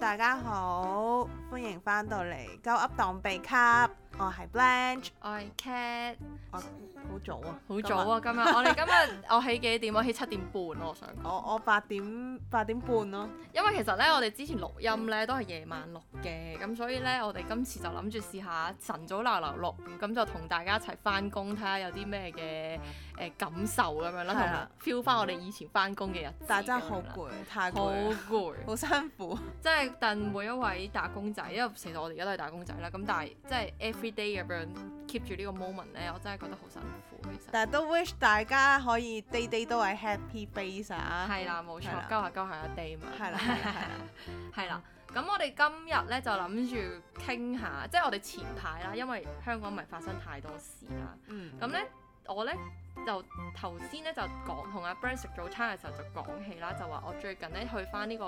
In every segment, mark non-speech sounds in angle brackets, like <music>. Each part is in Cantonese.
大家好，歡迎翻到嚟《鳩噏當秘笈》，我係 Blanch 我係 Cat，我好早啊，好早啊，今日晚 <laughs> 我哋今日我起幾點我起七點半、啊、我想講。我我八點八點半咯、啊，因為其實咧，我哋之前錄音咧都係夜晚錄嘅，咁所以咧，我哋今次就諗住試下晨早流流錄，咁就同大家一齊翻工，睇下有啲咩嘅。誒，感受咁樣啦，同埋 feel 翻我哋以前翻工嘅日子，但係真係好攰，吧太好攰，好辛苦。真係，但每一位打工仔，因為其實我哋而家都係打工仔啦。咁但係，即係 every day 咁樣 keep 住呢個 moment 咧，我真係覺得好辛苦。其實，但係都 wish 大家可以 day day 都係 happy base 啊。係啦，冇錯，交下交下一 day 啊嘛。係啦了，係啦，係啦。咁 <laughs> 我哋今日咧就諗住傾下，即係我哋前排啦，因為香港咪發生太多事啦。嗯。咁咧。我呢，就頭先呢，就講同阿 Brian 食早餐嘅時候就講起啦，就話我最近呢，去翻呢、呢個、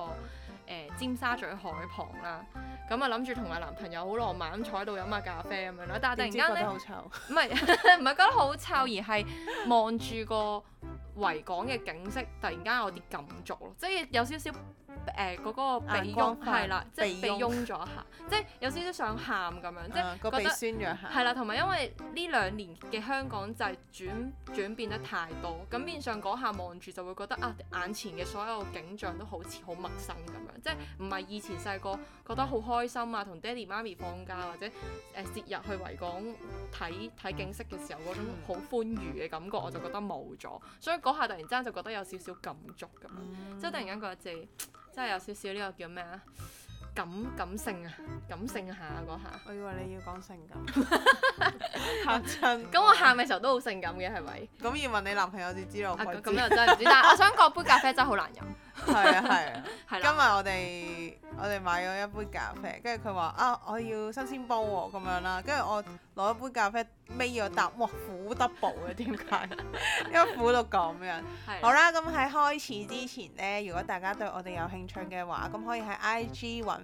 呃、尖沙咀海旁啦，咁啊諗住同埋男朋友好浪漫咁坐喺度飲下咖啡咁樣啦，但係突然間好臭，唔係唔係覺得好臭，而係望住個維港嘅景色，突然間有啲感觸咯，即係有少少。誒嗰個鼻壅係啦，即係鼻壅咗一下，即係有少少想喊咁樣，即係覺得酸咗係啦，同埋因為呢兩年嘅香港就係轉轉變得太多，咁變相嗰下望住就會覺得啊，眼前嘅所有景象都好似好陌生咁樣，即係唔係以前細個覺得好開心啊，同爹哋媽咪放假或者誒節日去維港睇睇景色嘅時候嗰種好寬愉嘅感覺，我就覺得冇咗，所以嗰下突然之間就覺得有少少感觸咁樣，即係突然間覺得自己。即係有少少呢個叫咩啊？感感性啊，感性下嗰下。我以為你要講性感，嚇親， <laughs> 咁 <laughs> 我喊嘅時候都好性感嘅，係咪？咁要問你男朋友至知咯，啊，佢、呃、咁、呃嗯、又真係唔知， <laughs> 但係我想講杯咖啡真係好難飲，係啊係啊，係啦。 <laughs> 的 <laughs> 今日我哋我哋買咗一杯咖啡，跟住佢話啊，我要新鮮煲喎，啊，咁樣啦，跟住我攞一杯咖啡，尾要啖，哇苦 double 嘅，點解？ <laughs> <laughs> 因為苦到咁樣，係的。好啦，咁喺開始之前咧，如果大家對我哋有興趣嘅話，咁可以喺 IG 揾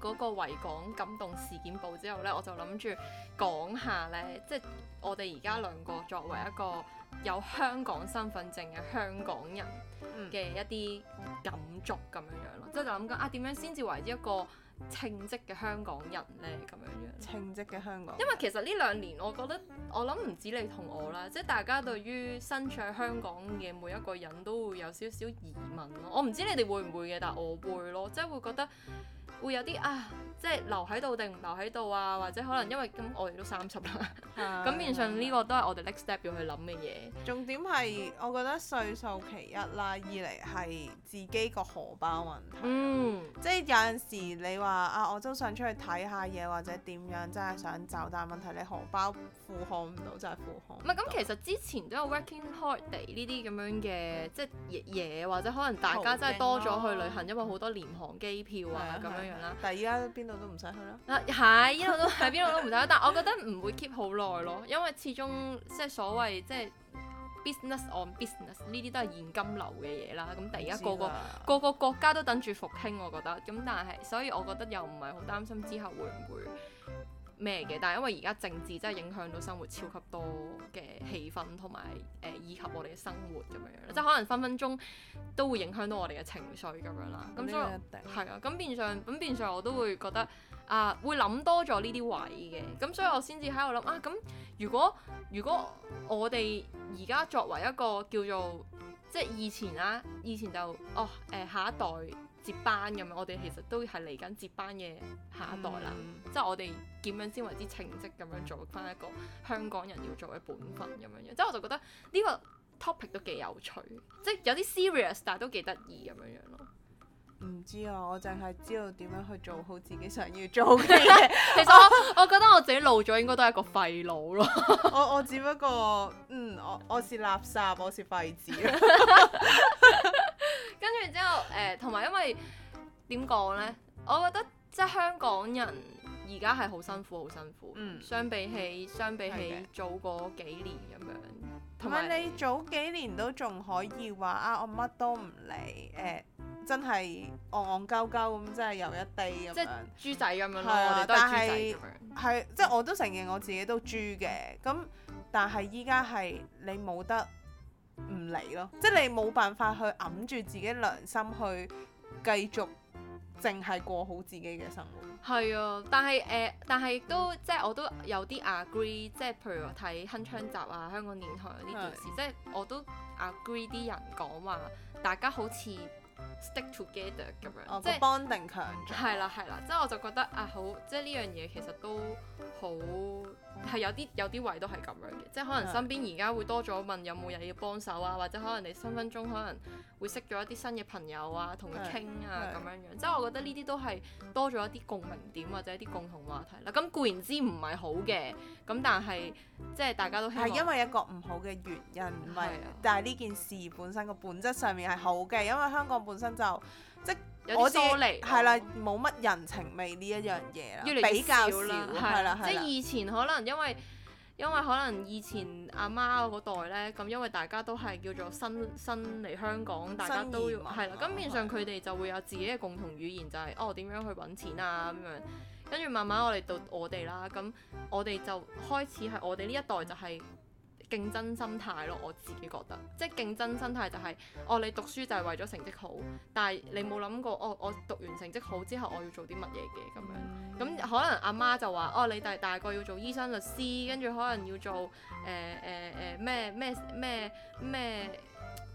嗰個維港感動事件報之後呢，我就諗住講下呢。即係我哋而家兩個作為一個有香港身份證嘅香港人嘅一啲感觸咁樣樣咯。即係諗緊啊，點樣先至為之一個稱職嘅香港人呢？咁樣樣稱職嘅香港人，因為其實呢兩年我覺得我諗唔止你同我啦，即係大家對於身處香港嘅每一個人都會有少少疑問咯。我唔知你哋會唔會嘅，但我會咯，即係會覺得。會有啲啊，即係留喺度定唔留喺度啊，或者可能因為咁我哋都三十啦，咁變相呢個都係我哋 next step 要去諗嘅嘢。重點係我覺得歲數其一啦，二嚟係自己個荷包問題。Mm, 即係有陣時你話啊，我都想出去睇下嘢或者點樣，真係想走，但係問題你荷包負荷唔到，就係負荷。唔係咁其實之前都有 working holiday 呢啲咁樣嘅即係嘢，或者可能大家真係多咗去旅行，因為好多廉航機票啊咁樣。但係依家邊度都唔使去啦。啊，係，依家都係邊度都唔使。但係我覺得唔會 keep 好耐咯，因為始終即係所謂即係 business on business 呢啲都係現金流嘅嘢啦。咁但係而家個個個個國家都等住復興，我覺得。咁但係，所以我覺得又唔係好擔心之後會唔會。咩嘅？但係因為而家政治真係影響到生活超級多嘅氣氛，同埋誒以及我哋嘅生活咁樣樣，即係可能分分鐘都會影響到我哋嘅情緒咁樣啦。咁、嗯、咁樣所以係啊，咁變相咁變相，變相我都會覺得啊、呃，會諗多咗呢啲位嘅。咁所以我先至喺度諗啊。咁如果如果我哋而家作為一個叫做即係、就是、以前啦、啊，以前就哦誒、呃、下一代接班咁樣，我哋其實都係嚟緊接班嘅下一代啦。嗯、即係我哋點樣先為之稱職，咁樣做翻一個香港人要做嘅本分咁樣樣。即係我就覺得呢個 topic 都幾有趣，即係有啲 serious，但係都幾得意咁樣樣咯。唔知啊，我淨係知道點樣去做好自己想要做嘅嘢。其實我 <laughs> 我，我覺得我自己老咗應該都係一個廢佬咯我。我我只不過，嗯，我我是垃圾，我是廢紙。之後誒，同、呃、埋因為點講咧？我覺得即係香港人而家係好辛苦，好辛苦。嗯。相比起，相比起的早嗰幾年咁樣，同埋你，你早幾年都仲可以話啊，我乜都唔理誒，真係戇戇鳩鳩咁，真係又一地咁樣，豬仔咁樣咯。的我哋都係是、嗯、即係我都承認我自己都豬嘅。咁但係依家係你冇得。唔嚟咯，即係你冇辦法去揞住自己良心去繼續，淨係過好自己嘅生活。係啊，但係誒、呃，但係都即係我都有啲 agree，即係譬如話睇《鏗鏘集》啊、香港電台嗰啲電視，的即係我都 agree 啲人講話，大家好似 stick together 咁樣，哦、即係 bonding 強咗。係啦係啦，即係、啊啊、我就覺得啊，好即係呢樣嘢其實都好。係有啲有啲位都係咁樣嘅，即係可能身邊而家會多咗問有冇人要幫手啊，或者可能你分分鐘可能會識咗一啲新嘅朋友啊，同佢傾啊咁樣樣，即係我覺得呢啲都係多咗一啲共鳴點或者一啲共同話題啦。咁固然之唔係好嘅，咁但係即係大家都係因為一個唔好嘅原因，唔係的但係呢件事本身個本質上面係好嘅，因為香港本身就。即我嚟，係啦，冇乜人情味呢一、嗯、樣嘢啦，越嚟比較少啦，係啦，即係以前可能因為因為可能以前阿媽嗰代咧，咁因為大家都係叫做新新嚟香港，大家都要係、啊、啦，咁變相佢哋就會有自己嘅共同語言，就係、是、哦點樣去揾錢啊咁樣，跟住慢慢我哋到我哋啦，咁我哋就開始係我哋呢一代就係、是。競爭心態咯，我自己覺得，即係競爭心態就係、是，哦，你讀書就係為咗成績好，但係你冇諗過，哦，我讀完成績好之後，我要做啲乜嘢嘅咁樣，咁可能阿媽，媽就話，哦，你第大個要做醫生、律師，跟住可能要做，誒誒誒咩咩咩咩。呃呃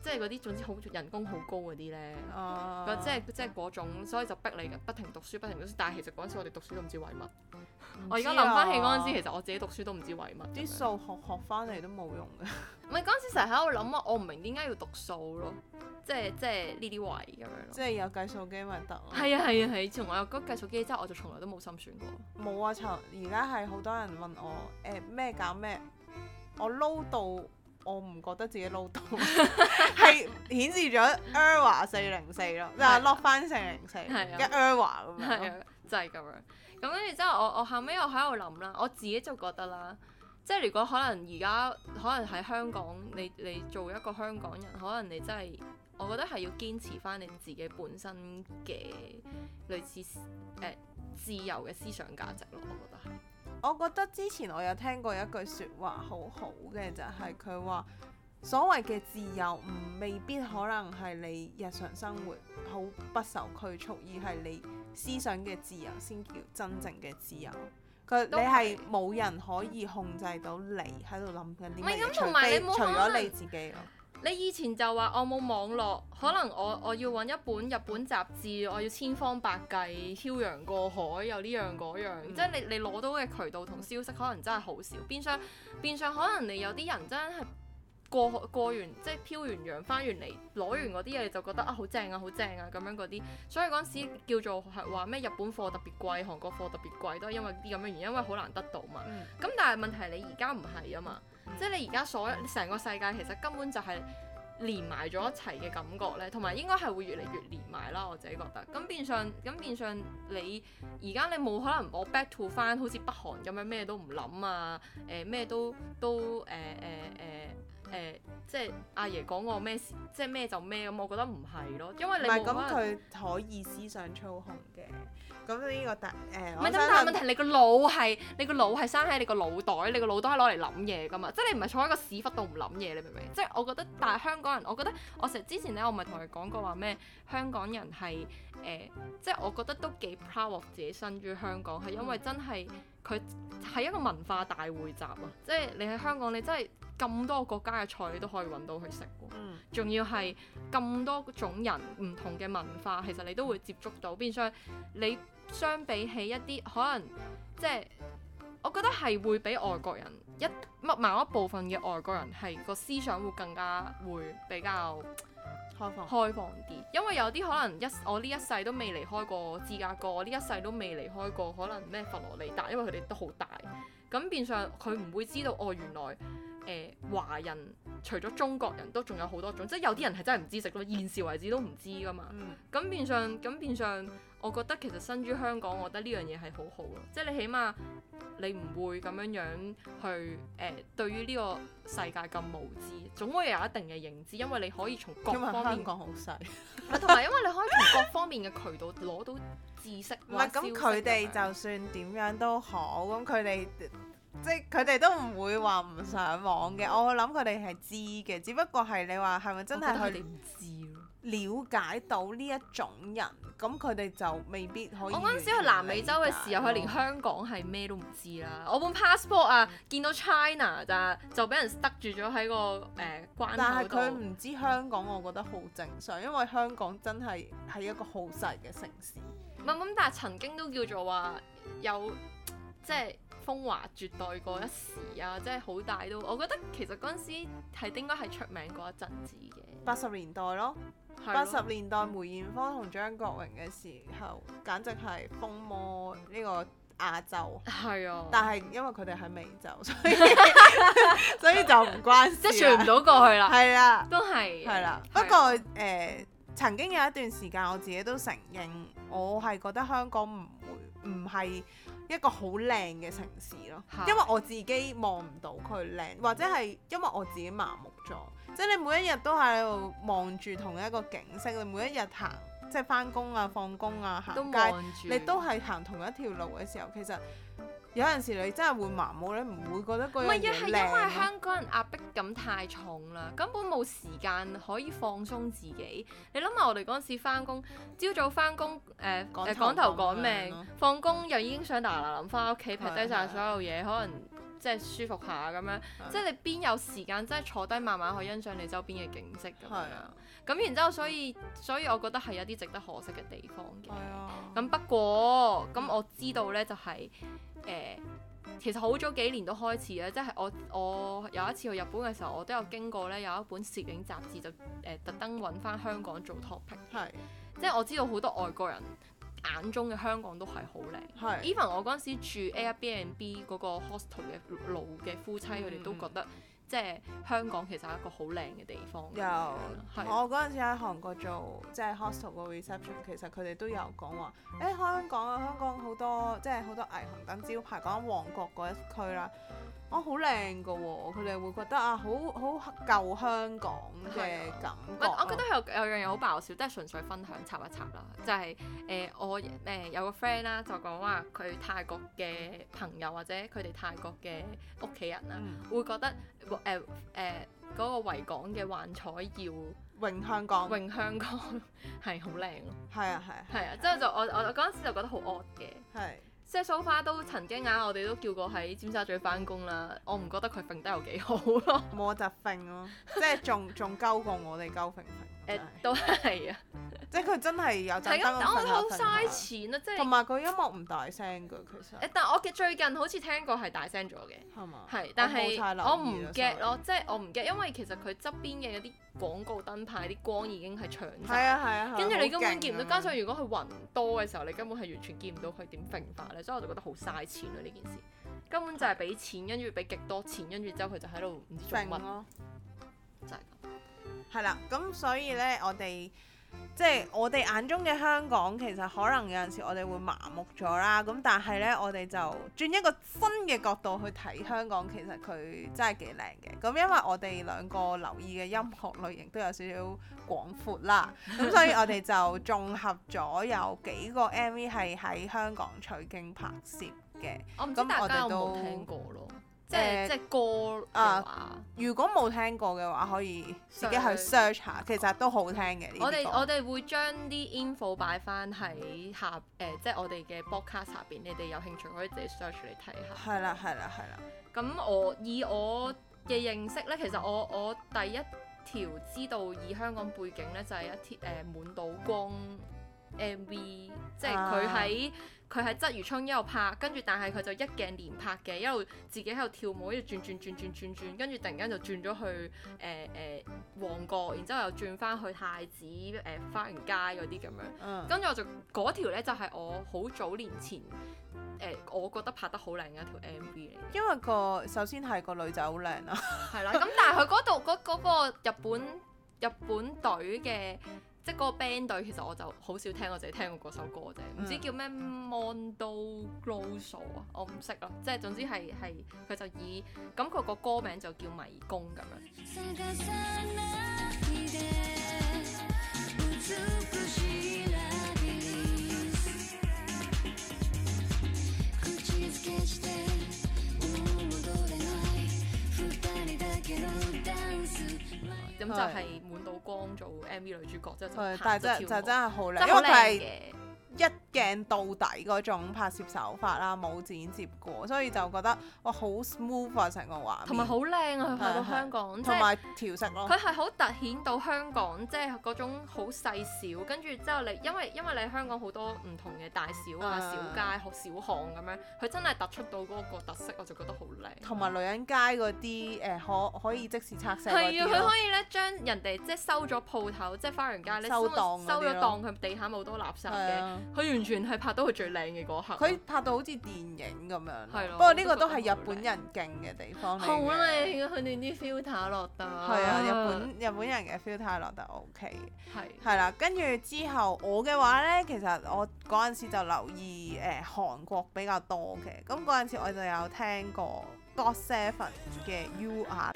即係嗰啲，總之好人工好高嗰啲咧，uh, 即係即係嗰種，所以就逼你嘅不停讀書，不停讀書。但係其實嗰陣時我哋讀書都唔知為乜。啊、我而家諗翻起嗰陣時，其實我自己讀書都唔知為乜。啲數學學翻嚟都冇用㗎。咪嗰陣時成日喺度諗啊，我唔明點解要讀數咯，即係即係呢啲位咁樣咯。即係有計數機咪得咯。係 <laughs> 啊係啊係、啊啊啊，從我有嗰計數機之後，我就從來都冇心算過。冇啊！而家係好多人問我誒咩搞咩，我撈到。我唔覺得自己撈到，係顯示咗 error 四零四咯，嗱落翻四零四嘅 error 咁樣咯、啊啊，就係、是、咁樣。咁跟住之後我，我後我後尾我喺度諗啦，我自己就覺得啦，即係如果可能而家可能喺香港，你你做一個香港人，可能你真係，我覺得係要堅持翻你自己本身嘅類似誒、呃、自由嘅思想價值咯，我覺得係。我覺得之前我有聽過一句説話好好嘅，就係佢話所謂嘅自由唔未必可能係你日常生活好不受拘束，而係你思想嘅自由先叫真正嘅自由。佢，你係冇人可以控制到你喺度諗緊啲咩，除非，除咗你自己咯。你以前就話我冇網絡，可能我我要揾一本日本雜誌，我要千方百計漂洋過海，又呢樣嗰樣，樣嗯、即係你你攞到嘅渠道同消息可能真係好少，變相變相可能你有啲人真係。過過完即係漂完洋，翻完嚟攞完嗰啲嘢，就覺得啊，好正啊好正啊咁樣嗰啲。所以嗰陣時叫做係話咩日本貨特別貴，韓國貨特別貴，都係因為啲咁樣原因，因為好難得到嘛。咁但係問題係你而家唔係啊嘛，即係你而家所成個世界其實根本就係連埋咗一齊嘅感覺咧，同埋應該係會越嚟越連埋啦。我自己覺得咁變相，咁變相，變相你而家你冇可能我 back to 翻好似北韓咁樣咩都唔諗啊？誒、呃、咩都都誒誒誒。呃呃呃呃誒、呃，即係阿爺講我咩事，即係咩就咩咁，我覺得唔係咯，因為你咁佢可、可以思想操控嘅，咁呢、嗯這個但誒，唔、呃、係，但係是問題你個腦係你個腦係生喺你個腦袋，你個腦袋係攞嚟諗嘢㗎嘛，即係你唔係坐喺個屎忽度唔諗嘢，你明唔明？即係我覺得，但係香港人，我覺得我成日之前咧，我咪同佢講過話咩，香港人係誒、呃，即係我覺得都幾 proud 自己身於香港，係因為真係。佢係一個文化大匯集啊！即係你喺香港，你真係咁多國家嘅菜，你都可以揾到佢食。嗯。仲要係咁多種人、唔同嘅文化，其實你都會接觸到。變相你相比起一啲可能，即係我覺得係會比外國人一乜某一部分嘅外國人係個思想會更加會比較，開放啲，因為有啲可能一我呢一世都未離開過芝加哥，我呢一世都未離開過，可能咩佛羅里達，因為佢哋都好大，咁變相佢唔會知道哦。原來誒、呃、華人除咗中國人都仲有好多種，即係有啲人係真係唔知食咯，現時為止都唔知㗎嘛。咁、嗯、變相，咁變相。我覺得其實身於香港，我覺得呢樣嘢係好好咯，即係你起碼你唔會咁樣樣去誒、呃，對於呢個世界咁無知，總會有一定嘅認知，因為你可以從各方面講好細，同埋因為你可以從各方面嘅渠道攞到知識。唔係咁佢哋就算點樣都好，咁佢哋即係佢哋都唔會話唔上網嘅。我諗佢哋係知嘅，只不過係你話係咪真係佢哋唔知？了解到呢一種人，咁佢哋就未必可以。我嗰陣時去南美洲嘅時候，佢、嗯、連香港係咩都唔知啦。我本 passport 啊，見到 China 咋、那個，就俾人塞住咗喺個誒關口度。但係佢唔知香港，我覺得好正常，因為香港真係係一個好細嘅城市。唔唔、嗯嗯，但係曾經都叫做話有即係，風華絕代過一時啊，即係好大都，我覺得其實嗰陣時係應該係出名過一陣子嘅。八十年代咯，八十了年代梅艷芳同張國榮嘅時候，簡直係風魔呢個亞洲。係啊了，但係因為佢哋喺美洲，所以 <laughs> <laughs> 所以就唔關事，即係傳唔到過去啦。係啦， <laughs> 了都係係啦。了了不過誒、 <music> 呃，曾經有一段時間，我自己都承認，我係覺得香港唔會唔係。一個好靚嘅城市咯，的因為我自己望唔到佢靚，或者係因為我自己麻木咗，即係你每一日都喺度望住同一個景色，你每一日行即係翻工啊、放工啊、行街，都你都係行同一條路嘅時候，其實。有陣時你真係會麻木，你唔會覺得嗰樣嘢，唔係，係因為香港人壓迫感太重啦，根本冇時間可以放鬆自己。你諗下，我哋嗰陣時翻工，朝早翻工誒誒趕頭趕命，放工又已經想大喇喇諗翻屋企，撇低晒所有嘢，可能即係舒服下咁樣。即係你邊有時間真係坐低慢慢去欣賞你周邊嘅景色咁樣？咁然之後，所以所以我覺得係有啲值得可惜嘅地方嘅。咁不過咁我知道呢就係。誒，uh, 其實好早幾年都開始咧，即係我我有一次去日本嘅時候，我都有經過咧，有一本攝影雜誌就誒特登揾翻香港做 topic，係，即係我知道好多外國人眼中嘅香港都係好靚，even 我嗰陣時住 Airbnb 嗰個 hostel 嘅老嘅夫妻，佢哋、mm hmm. 都覺得。即係香港其實係一個好靚嘅地方。有，吧我嗰陣時喺韓國做即係 hostel 個 reception，其實佢哋都有講話，誒香港啊，香港好多即係好多霓虹燈招牌，講緊旺角嗰一區啦。我好靚㗎喎，佢哋會覺得啊，好好舊香港嘅感覺。我覺得有有樣嘢好爆笑，即係純粹分享插一插啦，就係誒我誒有個 friend 啦，就講話佢泰國嘅朋友或者佢哋泰國嘅屋企人啦，會覺得誒誒嗰個維港嘅幻彩要榮香港榮香港係好靚咯。係啊係啊。係啊，之後就我我嗰陣時就覺得好 odd 嘅。係。即係 sofa 都曾經啊，我哋都叫過喺尖沙咀翻工啦。我唔覺得佢揈得有幾好咯，啊，冇得揈咯，即係仲仲鳩過我哋鳩揈。誒都係啊，即係佢真係有陣啊，但係我覺得好嘥錢啊，即係同埋佢音樂唔大聲嘅其實。誒，但我嘅最近好似聽過係大聲咗嘅，係嘛？係，但係我唔 get 咯，即係我唔 get，因為其實佢側邊嘅嗰啲廣告燈牌啲光已經係長曬，係啊係啊，跟住你根本見唔到。加上如果佢雲多嘅時候，你根本係完全見唔到佢點揈法咧，所以我就覺得好嘥錢啊！呢件事根本就係俾錢，跟住俾極多錢，跟住之後佢就喺度唔知做乜咯，就係咁。係啦，咁所以呢，我哋即係我哋眼中嘅香港，其實可能有陣時我哋會麻木咗啦。咁但係呢，我哋就轉一個新嘅角度去睇香港，其實佢真係幾靚嘅。咁因為我哋兩個留意嘅音樂類型都有少少廣闊啦，咁 <laughs> 所以我哋就綜合咗有幾個 MV 係喺香港取景拍攝嘅。 <laughs> 我哋都我唔知大家有冇聽過咯。即係歌啊！如果冇聽過嘅話，可以自己去 search 下，的其實都好聽嘅。我哋我哋會將啲 info 擺翻喺下誒、呃，即係我哋嘅 podcast 下邊，你哋有興趣可以自己 search 嚟睇下。係啦，係啦，係啦。咁我以我嘅認識呢，其實我我第一條知道以香港背景呢，就係、是、一啲誒、呃、滿島光 MV，即係佢喺。啊佢喺鰂魚涌一路拍，跟住但係佢就一鏡連拍嘅，一路自己喺度跳舞，一路轉轉轉轉轉，跟住突然間就轉咗去誒誒、呃呃、旺角，然之後又轉翻去太子誒花園街嗰啲咁樣。跟住、嗯、我就嗰條咧就係、是、我好早年前、呃、我覺得拍得好靚嘅一條 M V 嚟。因為個首先係個女仔好靚啦，係啦。咁但係佢嗰度嗰嗰個日本日本隊嘅。即係嗰個 band 隊，其實我就好少聽，我就係聽過嗰首歌啫，唔知叫咩《Mondo Grosso》啊，我唔識咯。即係總之係係，佢就以咁佢個歌名就叫迷宮咁樣。 <music> 咁就係滿到光做 MV 女主角，即係的就但係真係就真係好靚，真係靚嘅。一鏡到底嗰種拍攝手法啦，冇剪接過，所以就覺得哇好 smooth 啊，成個畫面同埋好靚啊，佢拍到香港，同埋、嗯就是、調色咯，佢係好突顯到香港即係嗰種好細小，跟住之後你因為因為你香港好多唔同嘅大小啊、小街、嗯、小巷咁樣，佢真係突出到嗰、那個那個特色，我就覺得好靚。同埋、嗯、女人街嗰啲誒可可以即時拆卸嗰啲，佢、嗯啊、可以咧將人哋即係收咗鋪頭，即係花園街咧收檔收咗檔佢地下冇多垃圾嘅。佢完全係拍到佢最靚嘅嗰下，佢拍到好似電影咁樣。係咯了，不過呢個都係日本人勁嘅地方嚟嘅。好靚嘅佢哋啲 feel 太落得。係啊，了日本、嗯、日本人嘅 feel 太落得 OK。係對。係啦，跟住之後我嘅話呢，其實我嗰陣時就留意誒、呃、韓國比較多嘅。咁嗰陣時我就有聽過 GOT7 嘅 You Are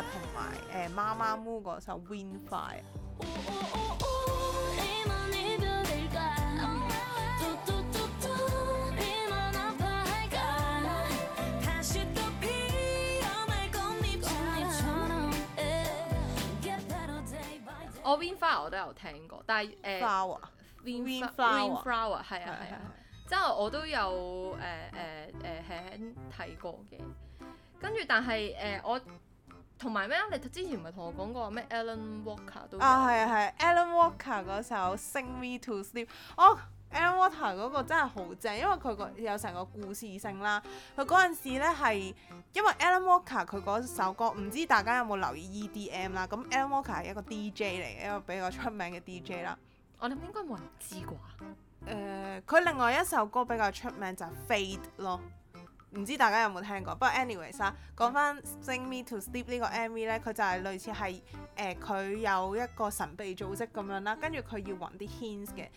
同埋誒，媽媽咪嗰首《Wind Fire》。我《Wind Fire》我都有聽過，但係誒，Flower。誒《Flower》《Wind Flower》係啊係啊。之對後我都有誒誒誒喺睇過嘅，跟住但係誒我。呃呃同埋咩啊？你之前唔係同我講過咩、啊？Alan Walker 都啊係啊係，Alan Walker 嗰首 Sing Me To Sleep，哦，Alan Walker 嗰個真係好正，因為佢個有成個故事性啦。佢嗰陣時咧係因為 Alan Walker 佢嗰首歌，唔知大家有冇留意 EDM 啦？咁 Alan Walker 係一個 DJ 嚟，嘅，一個比較出名嘅 DJ 啦。我諗、oh, 應該冇人知啩。誒、呃，佢另外一首歌比較出名就係、Fade 咯。唔知大家有冇聽過，不過 anyways 啊，講翻《Sing Me To Sleep》呢個 MV 呢，佢、嗯、就係類似係誒，佢、呃、有一個神秘組織咁樣啦，跟住佢要揾啲 hints 嘅，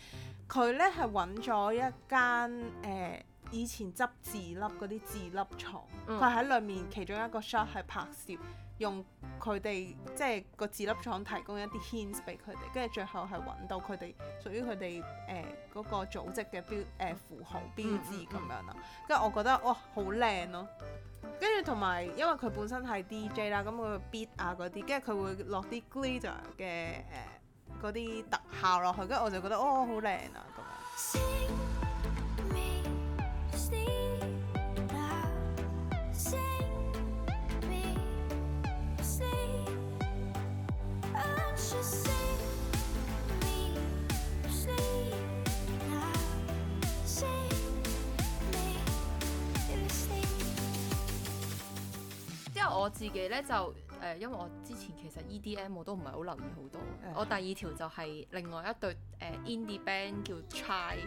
佢呢係揾咗一間誒、呃、以前執字粒嗰啲字粒廠，佢喺裏面其中一個 shot 係拍攝。用佢哋即係個字粒廠提供一啲 hints 俾佢哋，跟住最後係揾到佢哋屬於佢哋誒嗰個組織嘅標誒、呃、符號標誌咁樣啦。跟住、嗯嗯嗯、我覺得哇好靚咯，跟住同埋因為佢本身係 DJ 啦、啊，咁佢個 beat 啊嗰啲，跟住佢會落啲 glitter 嘅誒嗰啲特效落去，跟住我就覺得哦好靚啊咁樣。我自己咧就誒、呃，因為我之前其實 EDM 我都唔係好留意好多。Uh huh. 我第二條就係另外一對誒、呃、indie band 叫 Chai。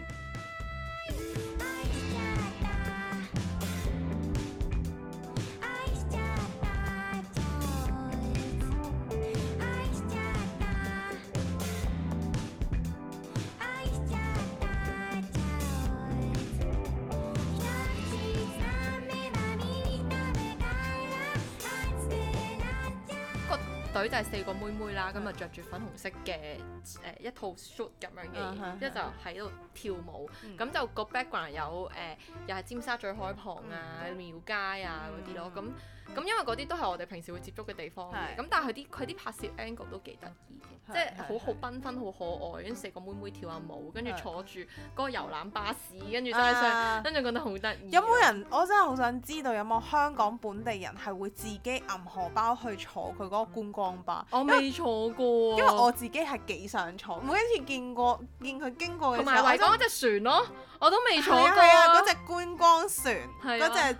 女就係四個妹妹啦，咁啊、嗯、着住粉紅色嘅誒、呃、一套 suit 咁樣嘅，一、嗯、就喺度跳舞，咁、嗯、就個 background 有誒、呃，又係尖沙咀海旁啊、廟、嗯嗯、街啊嗰啲咯，咁、嗯。那嗯咁因為嗰啲都係我哋平時會接觸嘅地方嘅，咁但係佢啲佢啲拍攝 angle 都幾得意嘅，即係好好繽紛、好可愛，跟四個妹妹跳下舞，跟住坐住嗰個遊覽巴士，跟住真係想，跟住覺得好得意。有冇人？我真係好想知道有冇香港本地人係會自己揞荷包去坐佢嗰個觀光巴？我未坐過，因為我自己係幾想坐。我有一次見過見佢經過同埋維港嗰隻船咯，我都未坐過。係啊，嗰隻觀光船，嗰隻。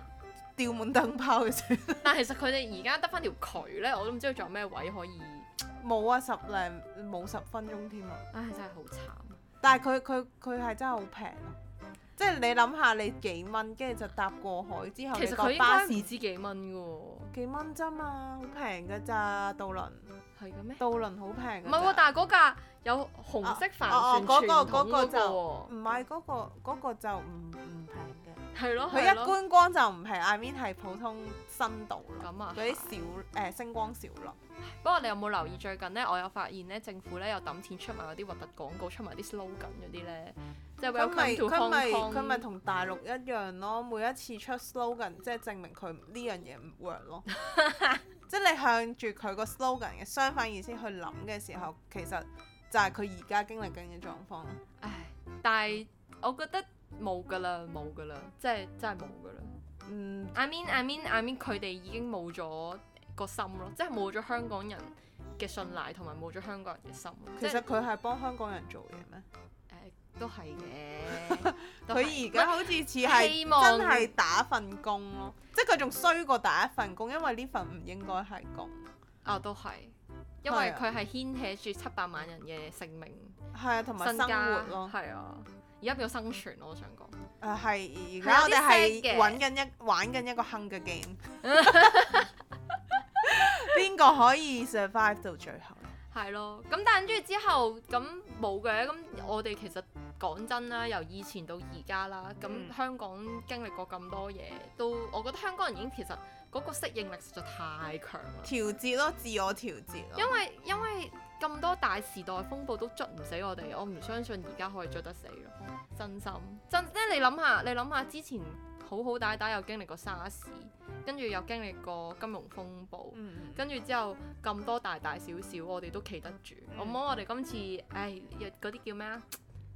吊滿燈泡嘅啫，但其實佢哋而家得翻條渠咧，我都唔知佢仲有咩位可以。冇啊，十零冇十分鐘添啊！唉，真係好慘。但係佢佢佢係真係好平，即係你諗下你幾蚊，跟住就搭過海之後，其實佢巴士都幾蚊嘅喎，幾蚊啫嘛，好平嘅咋，渡輪？係嘅咩？渡輪好平。唔係喎，但係嗰架有紅色帆船，啊啊啊啊嗰個嗰個就唔係，嗰個嗰個就唔唔平嘅。係咯，佢一觀光就唔係，I mean 係普通深度咯，嗰啲小誒、呃、星光小路。不過你有冇留意最近咧？我有發現咧，政府咧有抌錢出埋嗰啲核突廣告，出埋啲 slogan 嗰啲咧，即係佢咪佢咪佢咪同大陸一樣咯？每一次出 slogan，即係證明佢呢樣嘢唔 work 咯。 <laughs> 即係你向住佢個 slogan 嘅相反意思去諗嘅時候，其實就係佢而家經歷緊嘅狀況。唉，但係我覺得。冇噶啦，冇噶啦，即係真係冇噶啦。嗯，I mean、I mean、I mean 佢哋已經冇咗個心咯，即係冇咗香港人嘅信賴同埋冇咗香港人嘅心。其實佢係幫香港人做嘢咩？誒、呃，都係嘅。佢而家好似似係真係打份工咯，希望 即係佢仲衰過打一份工，因為呢份唔應該係工。啊、哦，都係，因為佢係牽扯住七百萬人嘅性命，係啊，同埋家生活咯，係啊。而家要生存，我想講，誒係、呃，而家我哋係玩緊一玩緊一個《Hunger Game》，邊個可以 survive 到最後？係咯，咁但係跟住之後咁冇嘅，咁我哋其實。講真啦，由以前到而家啦，咁香港經歷過咁多嘢，都我覺得香港人已經其實嗰個適應力實在太強啦。調節咯，自我調節咯。因為因為咁多大時代風暴都捉唔死我哋，我唔相信而家可以捉得死咯。真心真，即係你諗下，你諗下之前好好歹歹又經歷過沙士，跟住又經歷過金融風暴，跟住、嗯、之後咁多大大小小，我哋都企得住。唔好、嗯、我哋今次唉，嗰、哎、啲叫咩啊？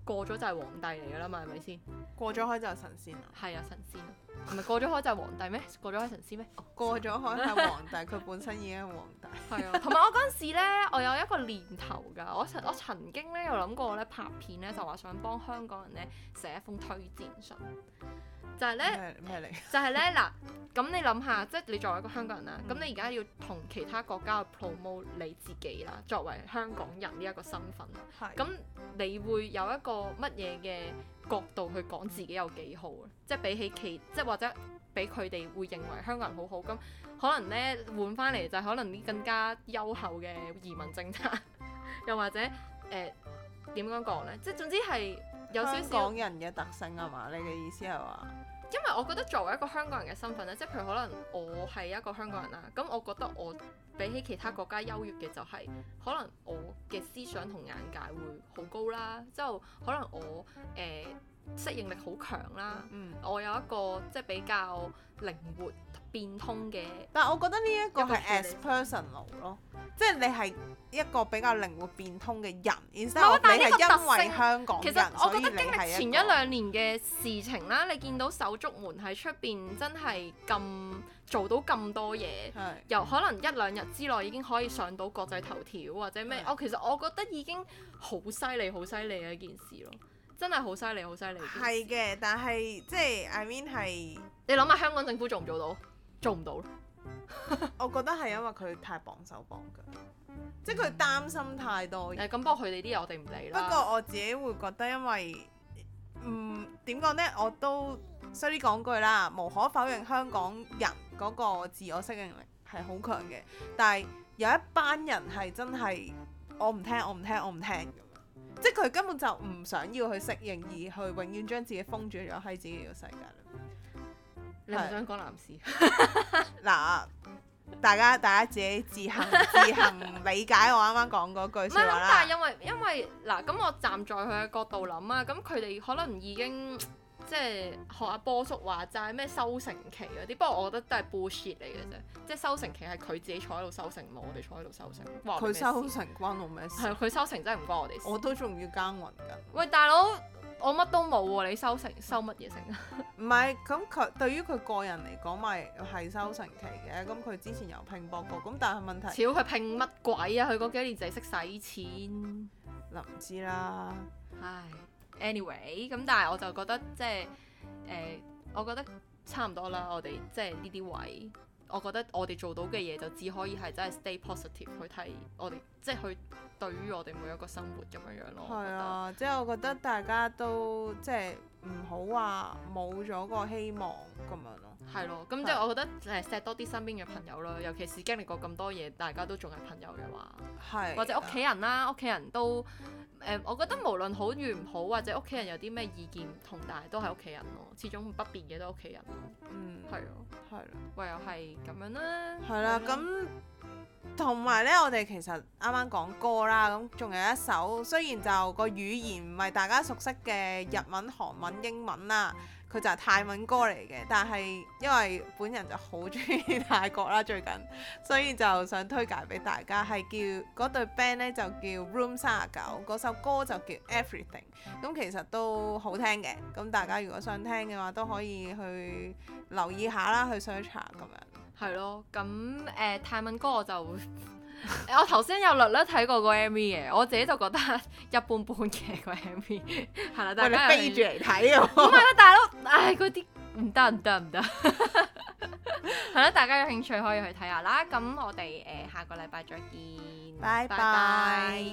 過咗就係皇帝嚟噶啦嘛，係咪先？過咗開就係神仙，係啊，神仙，唔係過咗開就係皇帝咩？過咗開神仙咩？過咗開就係皇帝，佢 <laughs> 本身已經係皇帝。係 <laughs> 啊，同埋我嗰陣時咧，我有一個念頭㗎，我曾我曾經咧有諗過咧拍片咧，就話想幫香港人咧寫一封推薦信。就係咧，咩嚟？就係咧，嗱， <laughs> 咁你諗下，即係你作為一個香港人啦，咁、嗯、你而家要同其他國家 promote 你自己啦，作為香港人呢一個身份，咁、嗯、你會有一個乜嘢嘅角度去講自己有幾好啊？嗯、即係比起其，即係或者比佢哋會認為香港人好好，咁可能咧換翻嚟就係可能啲更加優厚嘅移民政策， <laughs> 又或者誒點樣講咧？即係總之係。有少少香港人嘅特性啊嘛？你嘅意思係話，因為我覺得作為一個香港人嘅身份咧，即係譬如可能我係一個香港人啦，咁我覺得我比起其他國家優越嘅就係可能我嘅思想同眼界會好高啦，之後可能我誒。呃適應力好強啦、嗯，我有一個即係比較靈活變通嘅，但係我覺得呢一個係 as 個人 personal 咯，即係你係一個比較靈活變通嘅人，是然之後你係因為香港人，其實我覺得所以你係經歷前一兩年嘅事情啦，你見到手足們喺出邊真係咁做到咁多嘢，的由可能一兩日之內已經可以上到國際頭條或者咩，我的、哦、其實我覺得已經好犀利，好犀利嘅一件事咯。真係好犀利，好犀利。係嘅，但係即係 I mean 係你諗下香港政府做唔做到？做唔到咯。 <laughs> 我覺得係因為佢太綁手綁腳，即係佢擔心太多。誒、嗯，咁、嗯嗯嗯、不過佢哋啲嘢我哋唔理啦。不過我自己會覺得，因為唔點講呢？我都衰啲，sorry to say that，講句啦，無可否認香港人嗰個自我適應力係好強嘅，但係有一班人係真係我唔聽，我唔聽，我唔聽。即係佢根本就唔想要去適應，而去永遠將自己封住咗喺自己嘅世界。你唔想講男士嗱， <laughs> <laughs> 大家大家自己自行自行理解我啱啱講嗰句説話啦。但係因為因為嗱，咁我站在佢嘅角度諗啊，咁佢哋可能已經。即係學阿波叔話齋咩收成期嗰啲，不過我覺得都係 bullshit 嚟嘅啫。即係收成期係佢自己坐喺度收成，冇我哋坐喺度收成。佢收成關我咩事？係佢收成真係唔關我哋事。我都仲要耕耘緊。喂，大佬，我乜都冇喎，你收成收乜嘢成？唔係咁佢對於佢個人嚟講咪係收成期嘅，咁佢之前又拼搏過，咁但係問題。屌佢拼乜鬼啊！佢嗰幾年就係識使錢。嗱唔、嗯、知啦。唉。Anyway 咁，但係我就覺得即係誒、呃，我覺得差唔多啦。我哋即係呢啲位，我覺得我哋做到嘅嘢就只可以係真係 stay positive 去睇我哋，即係去對於我哋每一個生活咁樣樣咯。係啊，即係我覺得大家都、嗯、即係唔好話冇咗個希望咁樣咯。係咯，咁即係我覺得誒，錫多啲身邊嘅朋友啦，尤其是經歷過咁多嘢，大家都仲係朋友嘅話，係是、啊、或者屋企人啦，屋企人都。嗯，我覺得無論好與唔好，或者屋企人有啲咩意見同大，都係屋企人咯。始終不變嘅都係屋企人咯。嗯，係啊，係啦，唯有係咁樣啦。係啦，咁同埋呢，我哋其實啱啱講歌啦，咁仲有一首，雖然就個語言唔係大家熟悉嘅日文、韓文、英文啦。佢就係泰文歌嚟嘅，但係因為本人就好中意泰國啦，最近，所以就想推介俾大家，係叫嗰對 band 咧就叫 Room 39，嗰首歌就叫 Everything，咁其實都好聽嘅，咁大家如果想聽嘅話，都可以去留意下啦，去 search 下，咁樣。係咯，咁誒、呃、泰文歌我就。 <laughs> 我頭先有略略睇過個 MV 嘅，我自己就覺得一般般嘅個 MV，係啦，大家飛住嚟睇啊！唔係咯，大佬，唉，嗰啲唔得唔得唔得，係啦，大家有興趣可以去睇下啦。咁我哋誒，下個禮拜再見，拜拜。